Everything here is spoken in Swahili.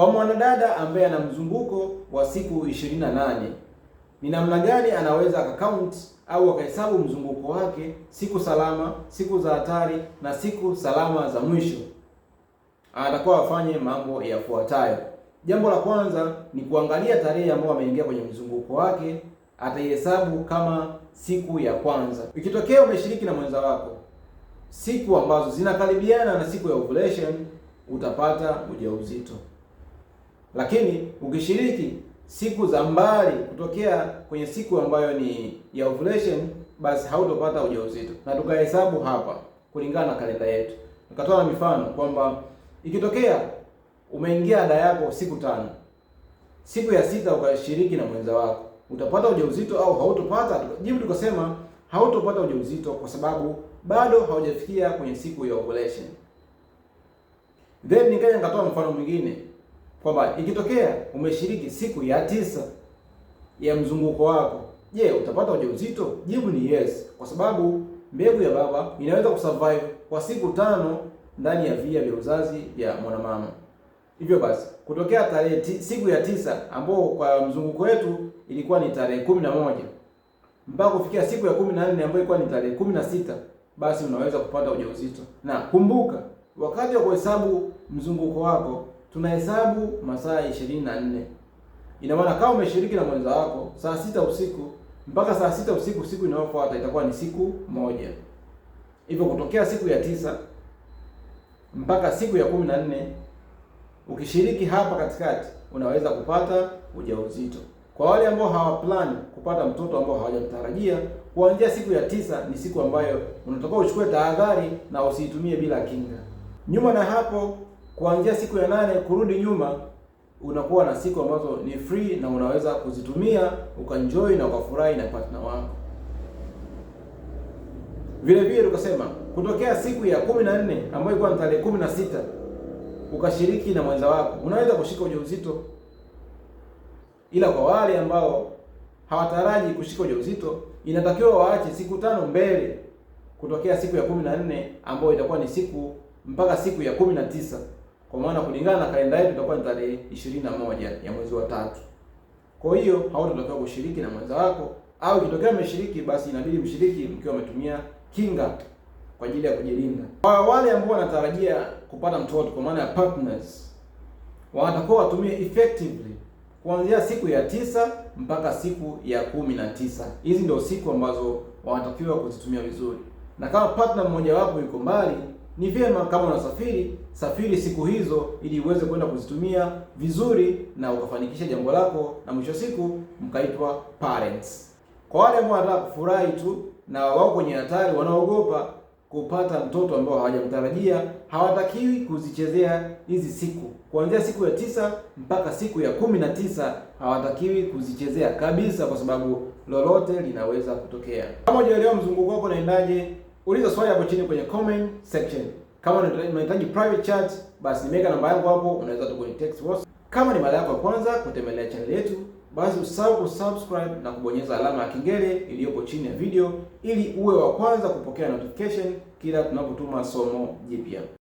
Kwa mwanadada ambaye ana mzunguko wa siku 28 ni namna gani anaweza akakaunt au akahesabu mzunguko wake, siku salama, siku za hatari na siku salama za mwisho? Atakuwa afanye mambo yafuatayo. Jambo la kwanza ni kuangalia tarehe ambayo ameingia kwenye mzunguko wake, ataihesabu kama siku ya kwanza. Ikitokea umeshiriki na mwenza wako siku ambazo zinakaribiana na siku ya ovulation, utapata ujauzito. Lakini ukishiriki siku za mbali kutokea kwenye siku ambayo ni ya ovulation, basi hautopata ujauzito, na tukahesabu hapa kulingana na kalenda yetu. Nikatoa na mifano kwamba ikitokea umeingia ada yako siku tano, siku ya sita ukashiriki na mwenza wako, utapata ujauzito au hautopata? Jibu tukasema hautopata ujauzito kwa sababu bado haujafikia kwenye siku ya ovulation. Then nikaja nikatoa mfano mwingine kwamba ikitokea umeshiriki siku ya tisa ya mzunguko wako, je, utapata ujauzito? Jibu ni yes, kwa sababu mbegu ya baba inaweza kusurvive kwa siku tano ndani ya via vya uzazi vya mwanamama. Hivyo basi kutokea tarehe siku ya tisa ambao kwa mzunguko wetu ilikuwa ni tarehe kumi na moja mpaka kufikia siku ya kumi na nne ambayo ilikuwa ni tarehe kumi na sita basi unaweza kupata ujauzito. Na kumbuka wakati wa kuhesabu mzunguko wako tunahesabu masaa ishirini na nne. Ina maana kama umeshiriki na mwenza wako saa sita usiku mpaka saa sita usiku siku inayofuata itakuwa ni siku moja. Hivyo kutokea siku ya tisa mpaka siku ya kumi na nne ukishiriki hapa katikati unaweza kupata ujauzito. Kwa wale ambao hawaplani kupata mtoto ambao hawajamtarajia, kuanzia siku ya tisa ni siku ambayo unatakiwa uchukue tahadhari na usiitumie bila kinga. Nyuma na hapo kuanzia siku ya nane kurudi nyuma unakuwa na siku ambazo ni free na unaweza kuzitumia ukaenjoy na ukafurahi na partner wako. Vile vile tukasema kutokea siku ya kumi na nne ambayo ilikuwa ni tarehe kumi na sita ukashiriki na mwenza wako, unaweza kushika ujauzito, ila kwa wale ambao hawataraji kushika ujauzito inatakiwa waache siku tano mbele kutokea siku ya kumi na nne ambayo itakuwa ni siku mpaka siku ya kumi na tisa. Kwa maana kulingana na kalenda yetu itakuwa ni tarehe moja ya mwezi wa tatu. Kwa hiyo hautatakiwa kushiriki na mwenza wako au ikitokea mmeshiriki basi inabidi mshiriki mkiwa umetumia kinga kwa ajili ya kujilinda. Kwa wale ambao wanatarajia kupata mtoto kwa maana ya partners wanatakiwa watumie effectively kuanzia siku ya tisa mpaka siku ya kumi na tisa. Hizi ndio siku ambazo wanatakiwa kuzitumia vizuri, na kama partner mmojawapo yuko mbali ni vyema kama unasafiri, safiri siku hizo ili uweze kwenda kuzitumia vizuri na ukafanikisha jambo lako, na mwisho siku mkaitwa parents. Kwa wale ambao wanataka kufurahi tu na wao kwenye hatari, wanaogopa kupata mtoto ambao hawajamtarajia, hawatakiwi kuzichezea hizi siku. Kuanzia siku ya tisa mpaka siku ya kumi na tisa hawatakiwi kuzichezea kabisa, kwa sababu lolote linaweza kutokea. Kama hujaelewa mzunguko wako naendaje uliza swali hapo chini kwenye comment section. Kama unahitaji private chat, basi nimeweka namba yangu hapo, unaweza tu kwenye text box. Kama ni mara yako ya kwanza kutembelea channel yetu, basi usahau kusubscribe na kubonyeza alama ya kengele iliyopo chini ya video ili uwe wa kwanza kupokea notification kila tunapotuma somo jipya.